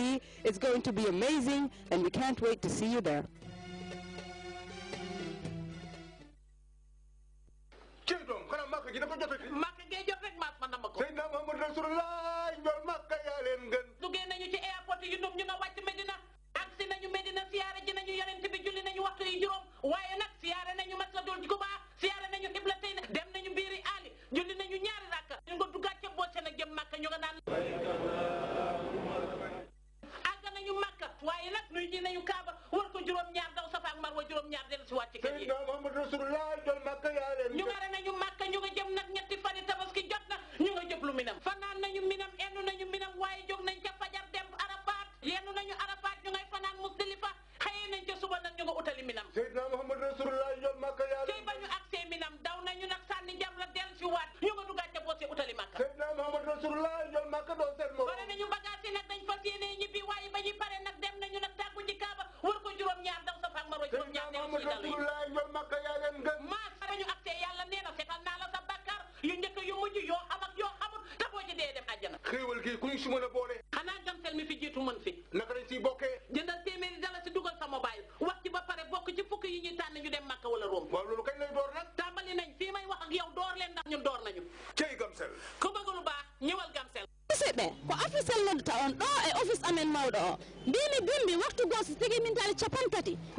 see. It's going to be amazing, and we can't wait to see you there. Medina Medina rasulullah jol màkk doon seen nag dañ fas yéene ñibbi waaye ba ñu pare nag dem nañu nag tàggu ji kaaba wër ko juróom-ñaar daw sa faak maro juróom-ñaar dem ci dal yi jol màkk yaa leen gën maa sarañu acte yàlla sa bakkaar yu njëkk yu mujj yoo am yoo xamul te boo ci dee dem àjjana xéewal gi kuñ su mën a boole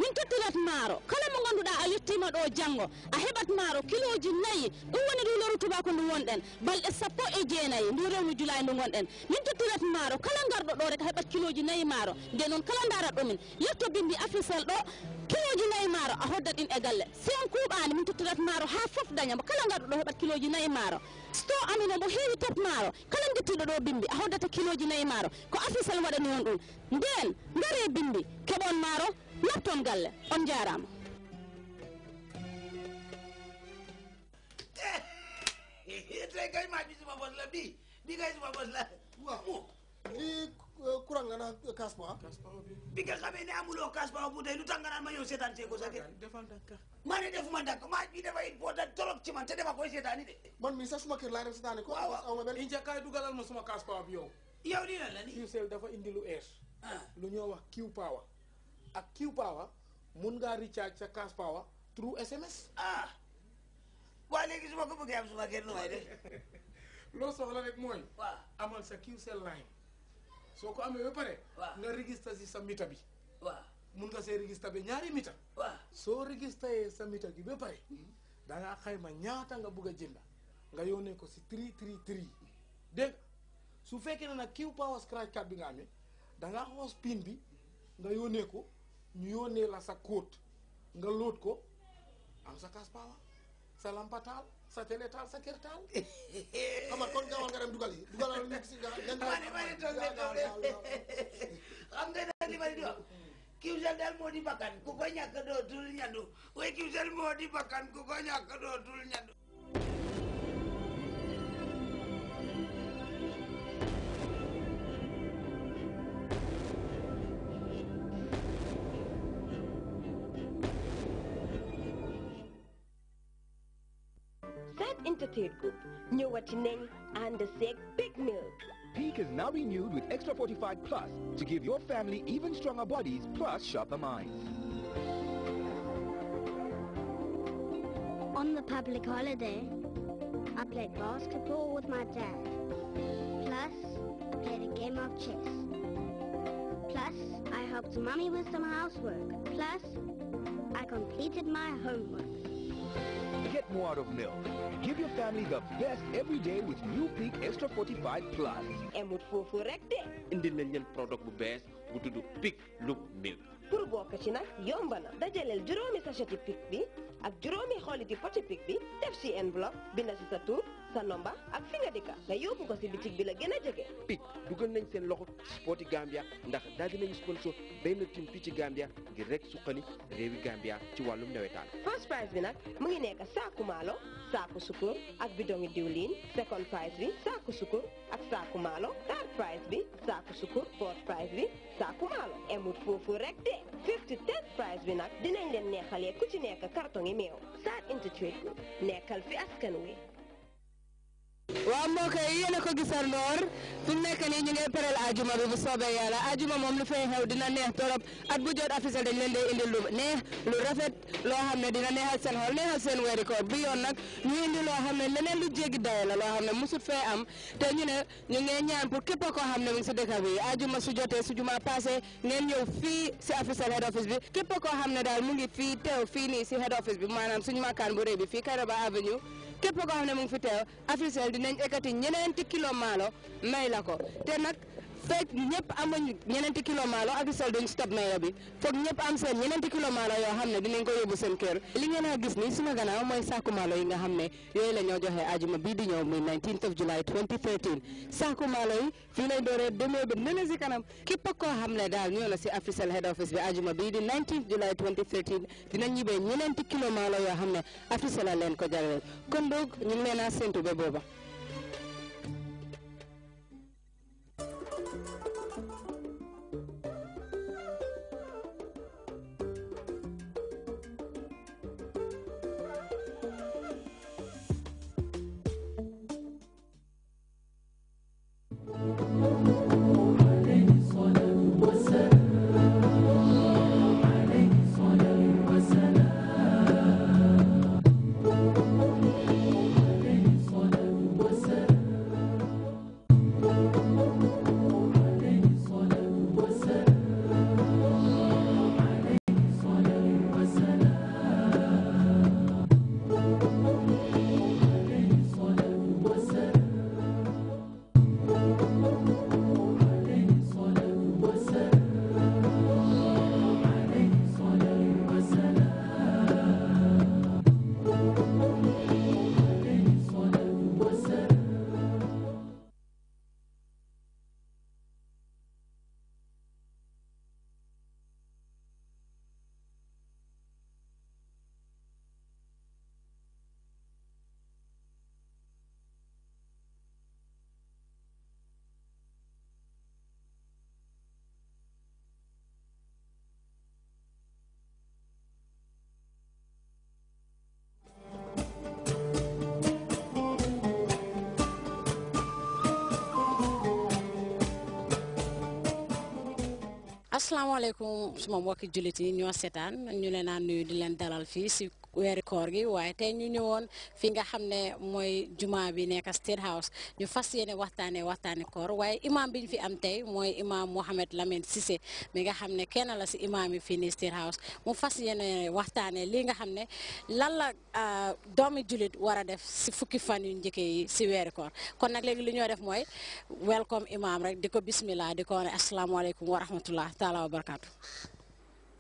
min tottirat maaro kala mo ngannduɗaa a yettiima ɗo janngo a heɓat maaro kilooji nayi ɗum woni ruloru tubaako ndu wonɗen balɗe sappo e jeenayi ndu rewndu julaayi ndu ngonɗen min tottirat maaro kala ngarɗo ɗo rek a heɓat kilooji nayi maaro nde noon kala ndaarat ɗumen yetto bimbi officiel ɗo kilooji nayi maaro a hoddat ɗin e galle si on kuuɓaani min tottirat maaro haa fof dañamo kala ngarɗo ɗo heɓat kilooji nayi maaro sto amino mo heewi top maaro kala gettiɗo ɗo bimbi a hoddata kiloji nayyi maaro ko afisal waɗani on ɗum nden gaare bimbi keɓon maaro nafton galle on jarama eh, eh, eh, tay kay ma ɓisima mbi mbi kay suma bosla Eh, kurang nga naan casse power. bi nga xamee ne amuloo casse power bu tey lu tax nga naan ma yow seetaan see ko sa kër. ma ne defuma dàkk maa bi dafa important trop ci man te dama koy seetaani de. man mii sax suma kër laa dem seetaani ko. waaw waaw benn injakaay dugalal ma suma casse power bi yow. yow nii lan la nii. Qcell dafa indi lu air. lu ñoo wax Q power. ak Q power mun ngaa recharge sa casse power through SMS. ah waa léegi su ma ko bëggee am suma kër nu may def. loo soxla rek mooy. amal sa Qcell line. soo ko amee ba pare. waaw nga registré si sa mita bi. waaw mun nga see registré bi ñaari mita. soo soo registré sa mita bi ba pare. Mm-hmm. da xayma ñaata nga bugg a jënda nga yónnee ko si tri tri tri dégg su fekkee ne nag kiw power scratch card bi nga amee da ngaa xoos pin bi nga yónnee ko ñu yónnee la sa code nga loot ko am sa cash power. sa lampa taal sa télé taal sa kër taal. xam nga kon gaawal nga dem dugal yi dugalal nekk si gaaw. maa xam nga nag li ma di wax. kiw sel daal moo di bakkan ku ko ñàkk dootul ñandu waaye kiw sel moo di bakkan ku ko ñàkk dootul ñandu. third group, new name? and the sick big milk. Peak is now renewed with Extra Fortified Plus to give your family even stronger bodies plus sharper minds. On the public holiday, I played basketball with my dad. Plus, I played a game of chess. Plus, I helped mommy with some housework. Plus, I completed my homework. Get more out of milk. Give your family the best every day with New Peak Extra 45 Plus. what for rek de. indil nañ product produit bu bees bu tudd Peak Loop Milk. pour bokk ci nag yomb na dajaleel juróomi sacheti pic bi ak juróomi xooliti poti pic bi def ci enveloppe binda ci sa tur sa nomba ak fi nga dikka nga yóbbu ko ci bitig bi la gën a jege. pic dugal nañ seen loxo ci sporti Gambia ndax daal dinañu sponsor benn team fii ci Gambia ngir rek suqali réewi Gambia ci wàllum nawetaan. first prize bi nag mu ngi nekk saaku maalo saaku sukur ak bidongi diwlin second prize bi saaku sukur ak saaku maalo third prize bi saaku sukur fourth prize bi saaku maalo emut foofu fifty third prize bi nag dinañ leen neexalee ku ci nekk carton yi meew Saad Institute nekkal fi askan wi waaw mbokk yi yéen a ko gisandoor fi mu nekk nii ñu ngi pareel ajuma bi bu soobee yàlla ajuma moom lu fay xew dina neex torop at bu jot officiel dañ leen dee indi lu neex lu rafet loo xam ne dina neexal seen xol neexal seen weeri koor bi yoon nag ñu indi loo xam ne leneen lu jéggi dayo la loo xam ne musut fee am te ñu ne ñu ngi ñaan pour képp koo xam ne mu ngi si dëkk bi ajuma su jotee su juma passé ngeen ñëw fii si officiel head office bi képp koo xam ne daal mu ngi fii teew fii nii si head maanaam suñu makkaan bu rëy bi fii Kairaba Avenue képp koo xam ne mu ngi fi teew Africell dinañ ekkati ñeneenti kilo maalo may la ko te nag fekk ñëpp amuñ ñeneenti kilo maalo ak sol duñ stop mayo bi foog ñëpp am seen ñeneenti kilo maalo yoo xam ne dinañ seen kër li ngeen a gis ni suma gannaaw mooy saaku ne yooyu la ñoo joxe ajuma bii di ñëw muy 19th of kanam képp koo xam ne daal ñëw na si official head office bi ajuma bii di 19th July 2013 ñibbee ñeneenti kilo maalo yoo xam ne official la leen ko jagleel kon donc ñu ngi leen a séntu ba booba asalaamaaleykum suma mbokki jullit yi ñoo seetaan ñu leen a nuyu di leen dalal fii si weeri koor gi waaye tey ñu ñëwoon fi nga xam ne mooy juma bi nekk State House ñu fas yéene waxtaane waxtaane koor waaye imaam bi ñu fi am tey mooy imaam Mohamed Lamine Cissé mi nga xam ne kenn la si imaam yi fii nii State House mu fas yéene waxtaane li nga xam ne lan la doomi julit war a def si fukki fan yu njëkkee yi si weeri koor kon nag léegi li ñoo def mooy welcome imaam rek di ko bismillah di ko wane asalaamaaleykum wa rahmatullah taala wa barakaatu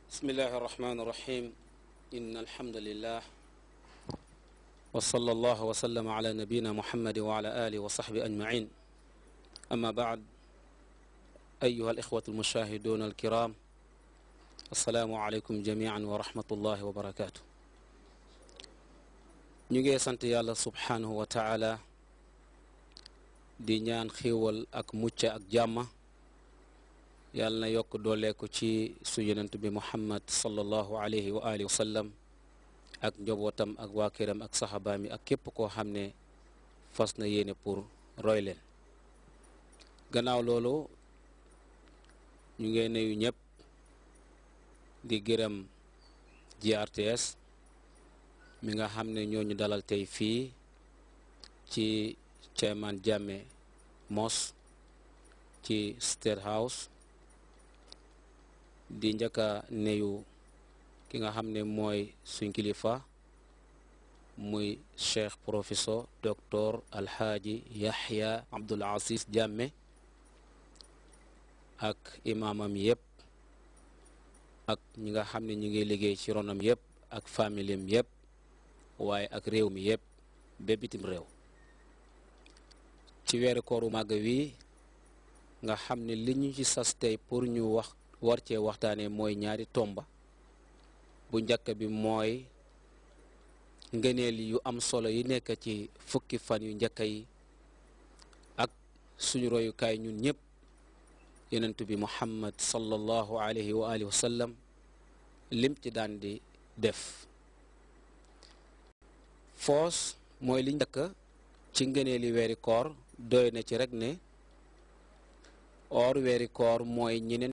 bismillahi rahmaani rahim إن الحمد لله وصلى الله وسلم على نبينا محمد وعلى آله وصحبه أجمعين أما بعد أيها الإخوة المشاهدون الكرام السلام عليكم جميعا ورحمة الله وبركاته نيجي سنت الله سبحانه وتعالى دينان خيول أك موتشا أك جامّة yàlla na yokk dooleeku ci su bi muhammad sallallahu alayhi wa alihi wa sallam ak njobootam ak waa këram ak saxabaam yi ak képp koo xam ne fas na yéene pour roy leen gannaaw loolu ñu ngi nuyu ñëpp di gërëm GRTS mi nga xam ne ñoo ñu dalal tey fii ci Chairman Jammeh Mosque ci State House di njëkk a ki nga xam ne mooy suñ kilifa muy cheikh professeur docteur alhaaji yahya abdul aziz jàmme ak imaamam yëpp ak ñi nga xam ne ñu ngi liggéey ci ronam yëpp ak familiem yëpp waaye ak réew mi yëpp ba bitim réew ci weeru kooru màgg wi nga xam ne li ñu ci sas tey pour ñu wax war waxtaane mooy ñaari tomba bu njëkk bi mooy ngëneel yu am solo yu nekk ci fukki fan yu njëkk yi ak suñu royukaay ñun ñëpp yonent bi muhammad sallallahu alayhi wa alihi wa lim ci daan di def foos mooy li njëkk ci ngëneel yi doy na ci rek ne or weeri mooy ñeneen